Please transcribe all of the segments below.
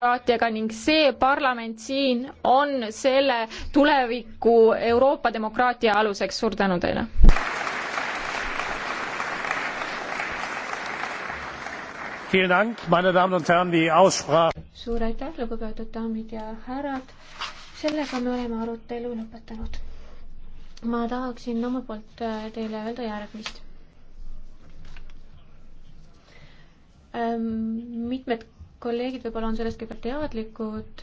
demokraatiaga ning see parlament siin on selle tuleviku Euroopa demokraatia aluseks. suur tänu teile! suur aitäh, lugupeetud daamid ja härrad. sellega me oleme arutelu lõpetanud. ma tahaksin omalt poolt äh, teile öelda järgmist. Ähm, mitmed kolleegid võib-olla on sellest ka teadlikud,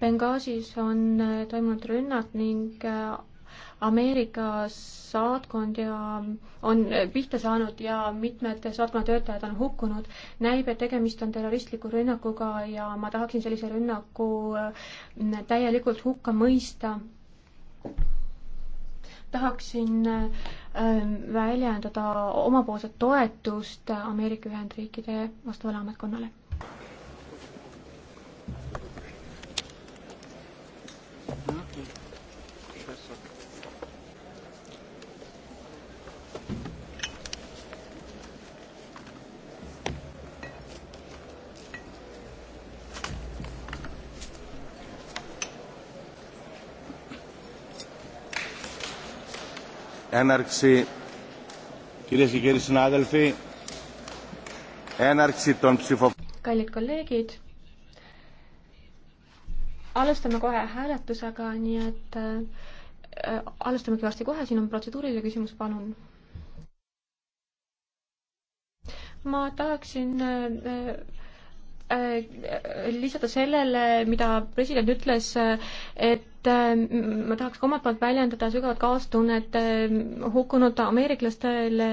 Benghazis on äh, toimunud rünnak ning äh, Ameerika saatkond ja on äh, pihta saanud ja mitmed saatkonna töötajad on hukkunud. näib, et tegemist on terroristliku rünnakuga ja ma tahaksin sellise rünnaku täielikult hukka mõista. tahaksin väljendada omapoolset toetust Ameerika Ühendriikide vastavale ametkonnale έναρξη, κυρίες και κύριοι συνάδελφοι, έναρξη των ψηφοφορίων. Kallid kolleegid, alustame kohe hääletusega, nii et äh, alustamegi varsti kohe, siin on protseduuriline küsimus, palun. ma tahaksin äh, äh, äh lisada sellele, mida president ütles, äh, et Mm, ma tahaks ka omalt poolt väljendada sügavat kaastunnet mm, hukkunud ameeriklastele.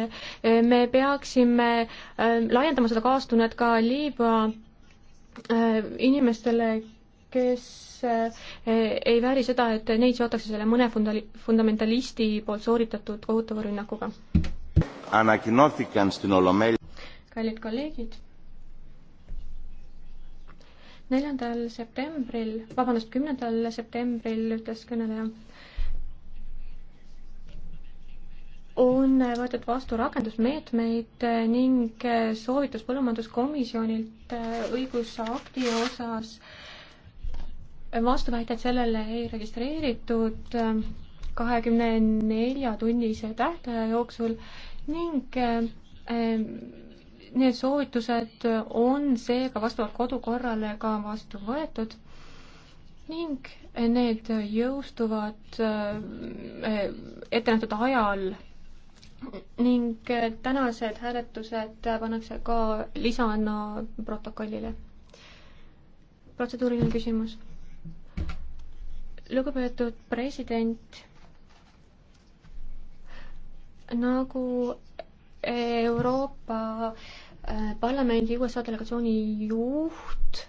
me peaksime mm, laiendama seda kaastunnet ka Liibüa inimestele, kes ei vääri seda, et neid seotakse selle mõne funda-, fundamentalisti poolt sooritatud kohutava rünnakuga. kallid kolleegid neljandal septembril, vabandust, kümnendal septembril ütles kõneleja, on võetud vastu rakendusmeetmeid ning soovitus põllumajanduskomisjonilt õigusakti osas vastuväited sellele ei registreeritud kahekümne nelja tunnise tähtaja jooksul ning eh, need soovitused on seega vastavalt kodukorrale ka vastu võetud ning need jõustuvad äh, ettenähtud ajal ning äh, tänased hääletused pannakse ka lisana protokollile. protseduuriline küsimus. lugupeetud president, nagu Euroopa Äh, parlamendi USA delegatsiooni juht